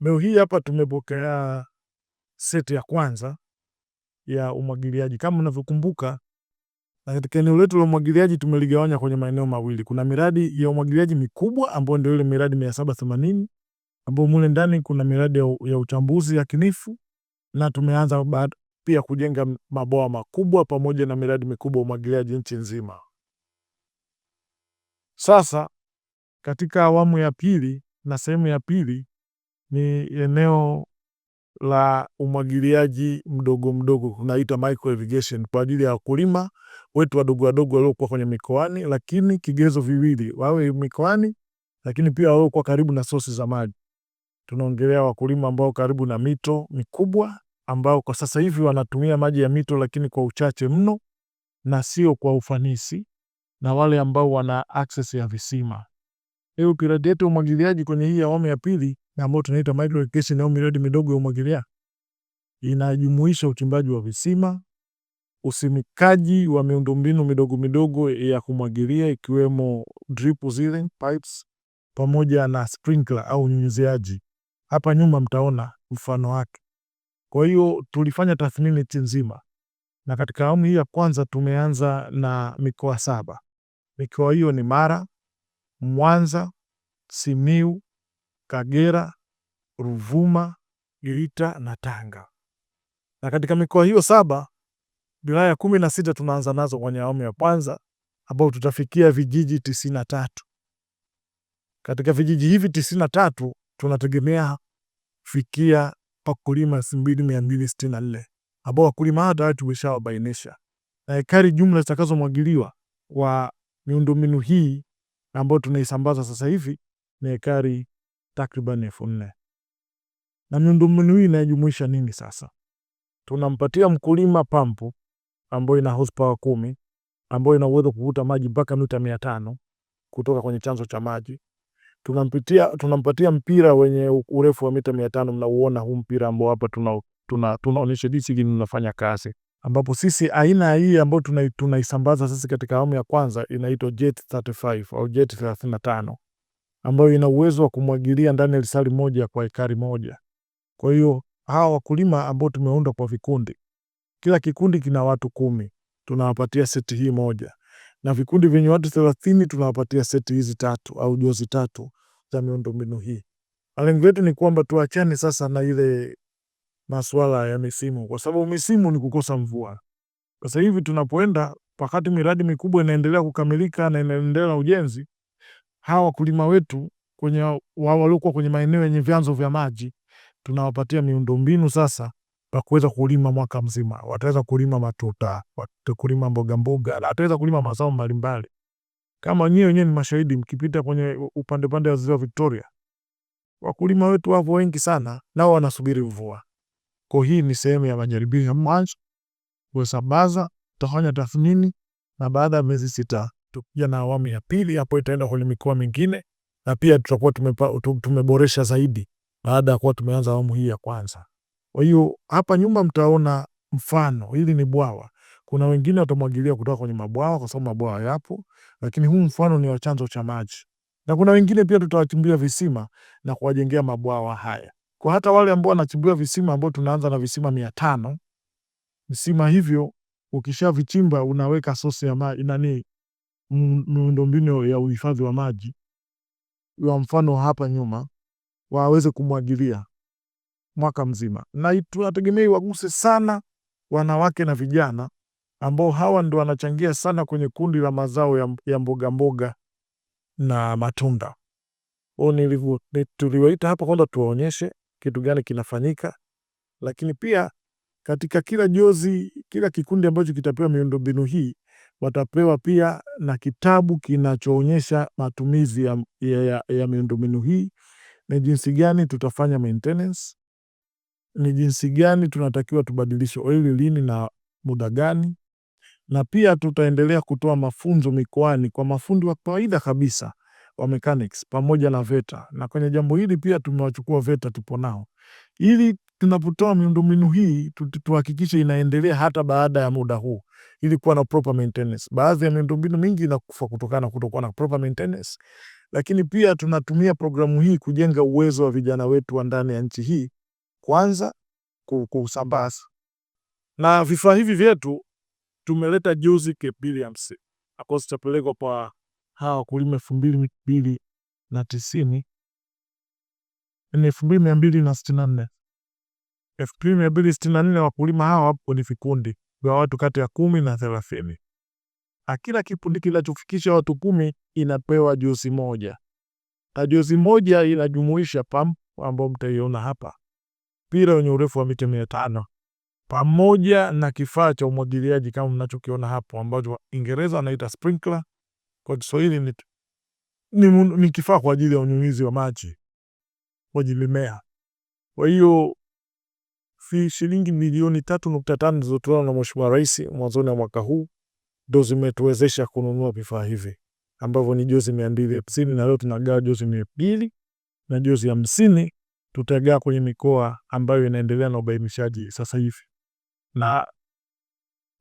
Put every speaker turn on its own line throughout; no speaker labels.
Leo hii hapa tumepokea seti ya kwanza ya umwagiliaji. Kama mnavyokumbuka, katika eneo letu la umwagiliaji tumeligawanya kwenye maeneo mawili. Kuna miradi ya umwagiliaji mikubwa ambayo ndio ile miradi mia saba ambayo mule ndani kuna miradi ya uchambuzi yakinifu, na tumeanza pia kujenga maboa makubwa pamoja na miradi mikubwa ya umwagiliaji nchi nzima. Sasa katika awamu ya pili na sehemu ya pili ni eneo la umwagiliaji mdogo mdogo tunaita micro irrigation kwa ajili ya wakulima wetu wadogo wadogo waliokuwa kwenye mikoani, lakini kigezo viwili, wawe mikoani, lakini pia waliokuwa karibu na sosi za maji. Tunaongelea wakulima ambao karibu na mito mikubwa ambao kwa sasa hivi wanatumia maji ya mito, lakini kwa uchache mno na sio kwa ufanisi, na wale ambao wana access ya visima. Hiyo piradi yetu umwagiliaji kwenye hii awamu ya pili ambayo tunaita micro irrigation au miradi midogo ya umwagilia inajumuisha uchimbaji wa visima, usimikaji wa miundombinu midogo midogo ya kumwagilia ikiwemo drip zile pipes, pamoja na sprinkler au nyunyiziaji. Hapa nyuma mtaona mfano wake. Kwa hiyo tulifanya tathmini nchi nzima, na katika awamu hii ya kwanza tumeanza na mikoa saba. Mikoa hiyo ni Mara, Mwanza, Simiu, Kagera, Ruvuma, Geita na Tanga. Na katika mikoa hiyo saba, wilaya kumi na sita tunaanza nazo kwenye awamu ya kwanza ambao tutafikia vijiji tisini na tatu. Katika vijiji hivi tisini na tatu tunategemea fikia wakulima elfu mbili mia mbili sitini na nne ambao wakulima hao tayari tumeshawabainisha, na ekari jumla zitakazomwagiliwa kwa miundombinu hii ambayo tunaisambaza sasa hivi ni ekari takriban elfu nne na miundombinu hii inajumuisha nini sasa? Tunampatia mkulima pampu ambayo ina horsepower kumi ambayo ina uwezo kuvuta maji mpaka mita mia tano kutoka kwenye chanzo cha maji. Tunampatia, tunampatia mpira wenye urefu wa mita mia tano Mnauona huu mpira ambao hapa tuna tunaonyesha jinsi gani unafanya kazi, ambapo sisi aina hii ambayo tunaisambaza tuna sisi katika awamu ya kwanza inaitwa Jet 35 au Jet 35 ambayo ina uwezo wa kumwagilia ndani ya lisali moja kwa ekari moja. Kwa hiyo hawa wakulima ambao tumeunda kwa vikundi, kila kikundi kina watu kumi, tunawapatia seti hii moja, na vikundi vyenye watu thelathini tunawapatia seti hizi tatu au jozi tatu za miundombinu hii. Lengo letu ni kwamba tuachane sasa na ile masuala ya misimu, kwa sababu misimu ni kukosa mvua. Sasa hivi tunapoenda, wakati miradi mikubwa inaendelea kukamilika na inaendelea na ujenzi, hawa wakulima wetu kwenye wao waliokuwa kwenye maeneo yenye vyanzo vya maji tunawapatia miundombinu sasa pa kuweza kulima mwaka mzima. Wataweza kulima matuta, watakulima mboga mboga, na wataweza kulima mazao mbalimbali. Kama nyewe wenyewe ni mashahidi, mkipita kwenye upande pande wa ziwa Victoria, wakulima wetu wapo wengi sana, nao wanasubiri mvua. Kwa hii ni sehemu ya majaribio ya mwanzo kwa sababu tutafanya tathmini na baada ya miezi sita yetu pia na awamu ya pili, hapo itaenda kwenye mikoa mingine, na pia tutakuwa tumeboresha zaidi baada ya kuwa tumeanza awamu hii ya kwanza. Kwa hiyo hapa nyumba mtaona mfano, hili ni bwawa. Kuna wengine watamwagilia kutoka kwenye mabwawa kwa sababu mabwawa yapo, lakini huu mfano ni wa chanzo cha maji, na kuna wengine pia tutawachimbia visima na kuwajengea mabwawa haya. Kwa hata wale ambao wanachimbia visima ambao tunaanza na visima mia tano visima hivyo ukishavichimba unaweka sosi ya maji nani miundombinu ya uhifadhi wa maji wa mfano hapa nyuma waweze kumwagilia mwaka mzima, na tunategemea iwaguse sana wanawake na vijana ambao hawa ndo wanachangia sana kwenye kundi la mazao ya, ya mboga mboga na matunda. Tuliwaita hapa kwanza tuwaonyeshe kitu gani kinafanyika, lakini pia katika kila jozi, kila kikundi ambacho kitapewa miundombinu hii watapewa pia na kitabu kinachoonyesha matumizi ya, ya, ya miundombinu hii, ni jinsi gani tutafanya maintenance, ni jinsi gani tunatakiwa tubadilishe oili lini na muda gani, na pia tutaendelea kutoa mafunzo mikoani kwa mafundi wa kawaida kabisa wa mechanics pamoja na VETA. Na kwenye jambo hili pia tumewachukua VETA tupo nao ili tunapotoa miundombinu hii tuhakikishe inaendelea hata baada ya muda huu ili kuwa na proper maintenance. Baadhi ya miundombinu mingi inakufa kutokana na kutokuwa na proper maintenance, lakini pia tunatumia programu hii kujenga uwezo wa vijana wetu wa ndani ya nchi hii, kwanza kusambaza na vifaa hivi vyetu. Tumeleta juzi Kebiliams Williams zitapelekwa kwa hawa wakulima elfu mbili mia mbili na tisini elfu mbili mia mbili na sitini na nne elfu mbili mia mbili sitini na nne wakulima hawa wapo kwenye vikundi vya watu kati ya kumi na thelathini. Kila kikundi kinachofikisha watu kumi inapewa jozi moja, na jozi moja inajumuisha pampu ambayo mtaiona hapa, pira wenye urefu wa mita mia tano pamoja na kifaa cha umwagiliaji kama mnachokiona hapo ambacho Ingereza anaita sprinkler, kwa Kiswahili ni, ni, ni kifaa kwa ajili ya unyunyizi wa maji kwenye mimea. Kwa hiyo fi shilingi milioni 3.5 nukta zilizotolewa na Mheshimiwa Rais mwanzoni mwa mwaka huu ndo zimetuwezesha kununua vifaa hivi ambavyo ni jozi 250 na leo tunagawa jozi 200 na jozi 50 tutagawa kwenye mikoa ambayo inaendelea na ubainishaji sasa hivi, na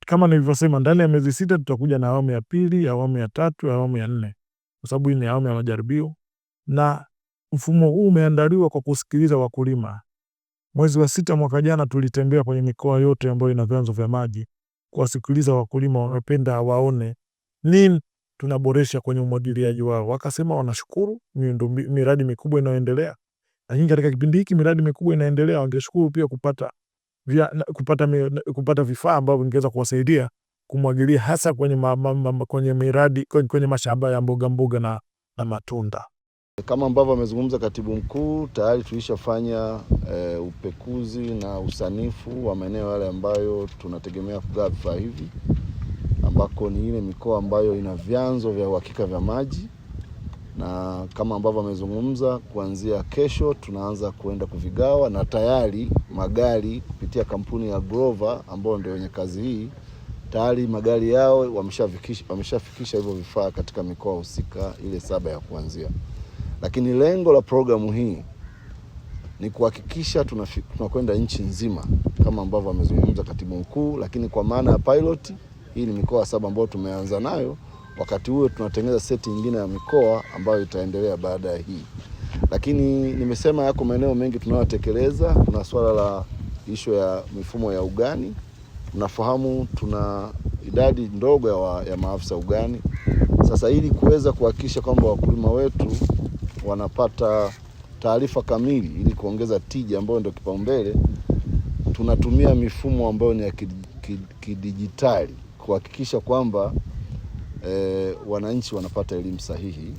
kama nilivyosema, ndani ya miezi sita tutakuja na awamu ya pili, awamu ya tatu, awamu ya nne, kwa sababu hii ni awamu ya majaribio, na mfumo huu umeandaliwa kwa kusikiliza wakulima Mwezi wa sita mwaka jana tulitembea kwenye mikoa yote ambayo ina vyanzo vya maji kuwasikiliza wakulima wanapenda waone nini tunaboresha kwenye umwagiliaji wao. Wakasema wanashukuru miradi mikubwa inayoendelea, lakini katika kipindi hiki miradi mikubwa inaendelea, wangeshukuru pia kupata vya, kupata, kupata vifaa ambavyo vingeweza kuwasaidia kumwagilia hasa kwenye, ma, ma, ma, kwenye miradi kwenye, kwenye mashamba ya mboga mboga na, na matunda.
Kama ambavyo amezungumza katibu mkuu, tayari tulishafanya e, upekuzi na usanifu wa maeneo yale ambayo tunategemea kugawa vifaa hivi, ambako ni ile mikoa ambayo ina vyanzo vya uhakika vya maji, na kama ambavyo amezungumza, kuanzia kesho tunaanza kuenda kuvigawa, na tayari magari kupitia kampuni ya Grover ambayo ndio wenye kazi hii, tayari magari yao wameshafikisha wameshafikisha hivyo vifaa katika mikoa husika ile saba ya kuanzia. Lakini lengo la programu hii ni kuhakikisha tunakwenda nchi nzima kama ambavyo amezungumza katibu mkuu, lakini kwa maana ya pilot hii ni mikoa saba ambayo tumeanza nayo. Wakati huo tunatengeneza seti nyingine ya mikoa ambayo itaendelea baada ya hii, lakini nimesema yako maeneo mengi tunayotekeleza. Kuna swala la isho ya mifumo ya ugani. nafahamu tuna idadi ndogo ya, ya maafisa ugani. Sasa ili kuweza kuhakikisha kwamba wakulima wetu wanapata taarifa kamili ili kuongeza tija ambayo ndio kipaumbele. Tunatumia mifumo ambayo ni ya kidijitali kuhakikisha kwamba e, wananchi wanapata elimu sahihi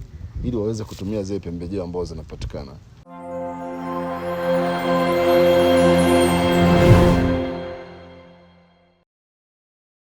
ili waweze kutumia zile pembejeo ambazo zinapatikana.